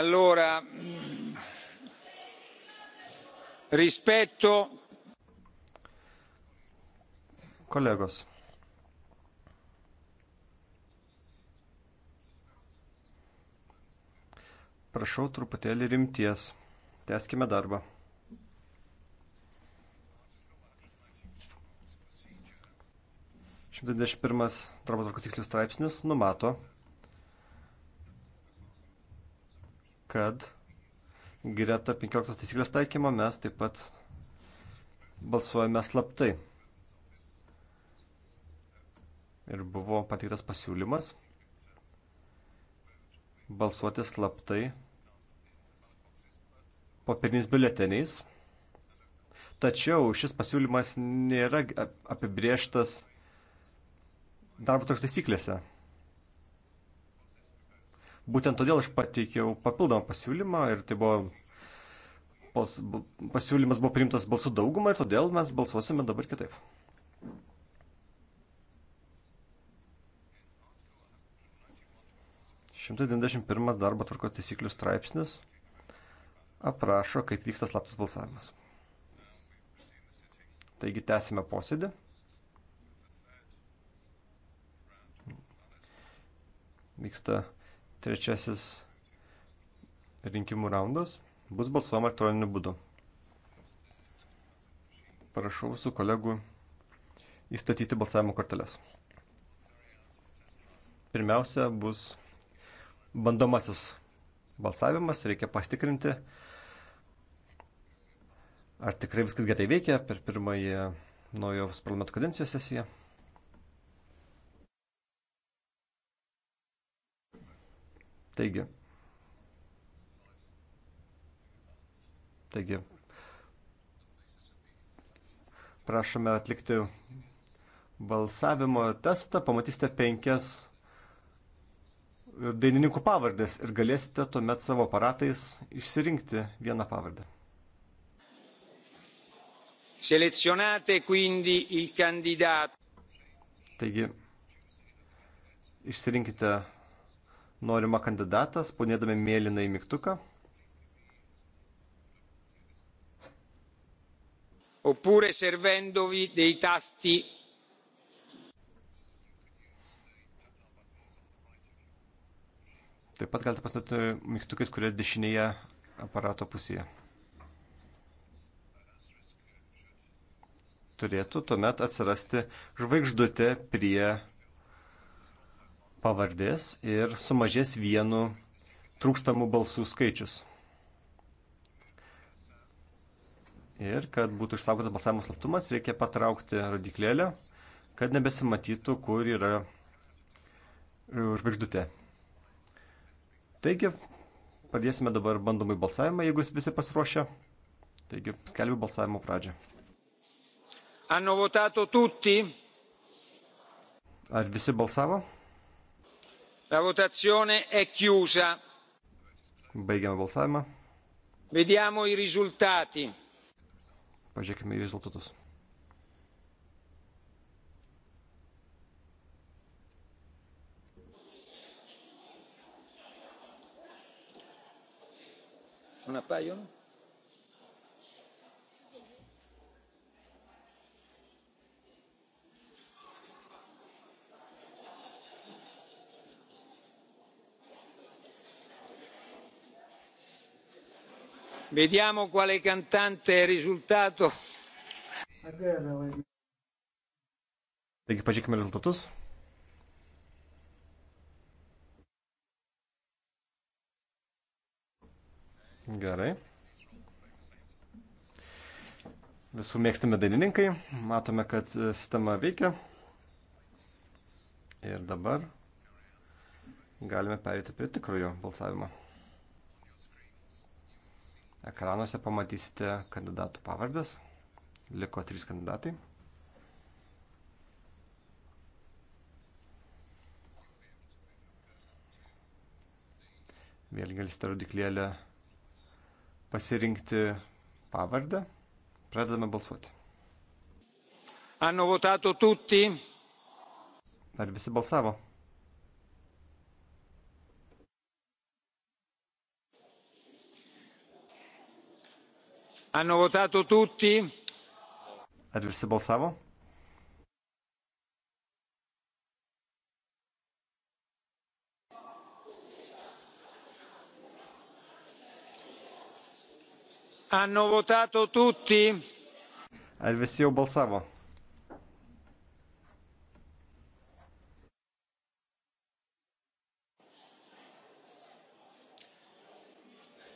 Allora, mm, rispetto. Kolegos. Prašau truputėlį rimties. Teskime darbą. Šimtas dešimt pirmas darbo tvarkos tikslių straipsnis numato, kad greta 15 taisyklės taikymo mes taip pat balsuojame slaptai. Ir buvo pateiktas pasiūlymas balsuoti slaptai popieriniais biuleteniais. Tačiau šis pasiūlymas nėra apibrieštas darbo toks taisyklėse. Būtent todėl aš pateikiau papildomą pasiūlymą ir tai buvo pas, pasiūlymas buvo priimtas balsų daugumą ir todėl mes balsuosime dabar kitaip. Šimtas devyniasdešimt pirmas darbo tvarkos taisyklių straipsnis aprašo, kaip vyksta slaptas balsavimas. Taigi tęsime posėdį. Vyksta trečiasis rinkimų raundas bus balsuojama elektroniniu būdu. Prašau visų kolegų įstatyti balsavimo korteles. Pirmiausia bus bandomasis balsavimas, reikia pastikrinti, ar tikrai viskas gerai veikia per pirmąją naujos parlamento kadencijos sesiją. Taigi, taigi prašome atlikti balsavimo testą, pamatysite penkias dainininkų pavardės ir galėsite tuomet savo aparatais išsirinkti vieną pavardę. Selezionate quindi il candidato. Taigi, išsirinkite norimą kandidatą, spaudėdami mėlyną į mygtuką. Oppure servendovi dei tasti. Taip pat galite pasinaudoti mygtukais, kurie dešinėje aparato pusėje. Turėtų tuomet atsirasti žvaigždutė prie pavardės ir sumažės vienu trūkstamų balsų skaičius. Ir kad būtų išsaugotas balsavimo slaptumas, reikia patraukti rodiklėlę, kad nebesimatytų, kur yra e, žvaigždutė. Taigi, padėsime dabar bandomai balsavimą, jeigu visi pasiruošę. Taigi, skelbiu balsavimo pradžią. Hanno votato tutti? Ar visi balsavo? La votazione è chiusa. Baigiame balsavimą. Vediamo i risultati. Pažiūrėkime į rezultatus. Non appaiono? vediamo quale cantante è risultato. Taigi pažiūrėkime rezultatus. Gerai. Visų mėgstami dainininkai. Matome, kad e, sistema veikia. Ir dabar galime perėti prie tikrojo balsavimo. Ekranuose pamatysite kandidatų pavardės. Liko trys kandidatai. Vėlgi galite rodiklėlę pasirinkti pavardę. Pradedame balsuoti. Hanno votato tutti? Ar visi balsavo? Hanno votato tutti? Ar visi balsavo? Hanno votato tutti? Ar visi jau balsavo?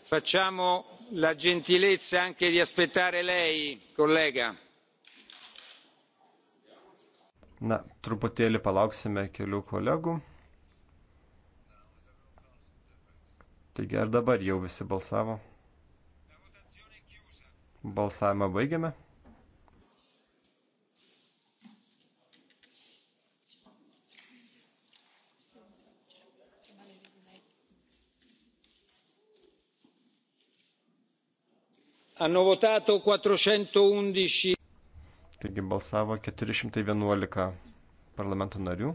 facciamo la gentilezza anche di aspettare lei collega. Na, truputėlį palauksime kelių kolegų. Taigi ar dabar jau visi balsavo? Balsavimą baigiame. Hanno votato 411. Taigi balsavo 411 parlamento narių.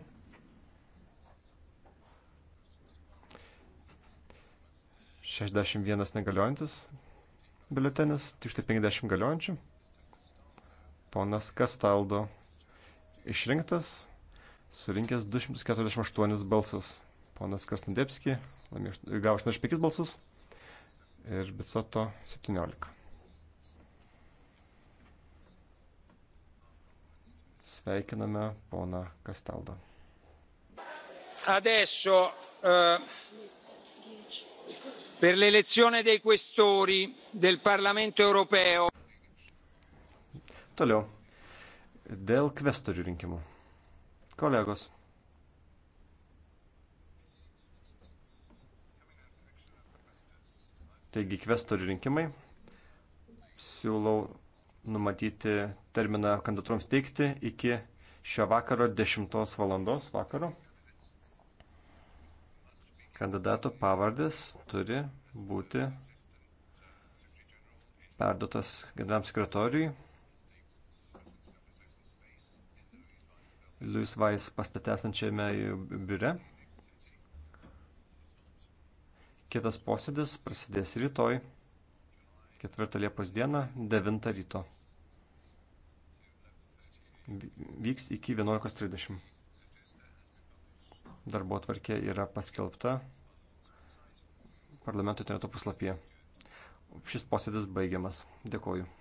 Šešdešimt vienas negaliojantis biuletenis, tik štai penkiasdešimt galiojančių. Ponas Kastaldo išrinktas, surinkęs 248 balsus. Ponas Krasnodėpski gavo 85 balsus ir Bicoto 17. Sveikiname poną Kastaldo. Adesso, uh, per l'elezione dei questori del Parlamento europeo. Toliau. Dėl kvestorių rinkimų. Kolegos. Taigi, kvestorių rinkimai. Siūlau numatyti terminą kandidatūroms teikti iki šio vakaro 10 valandos vakaro. Kandidatų pavardės turi būti perduotas generaliniam sekretoriui. Louis Weiss pastate esančiame biure. Kitas posėdis prasidės rytoj. 4 Liepos dieną 9 ryto. Vyks iki 11.30. Darbo atvarkė yra paskelbta parlamento interneto tai puslapyje. Šis posėdis baigiamas. Dėkoju.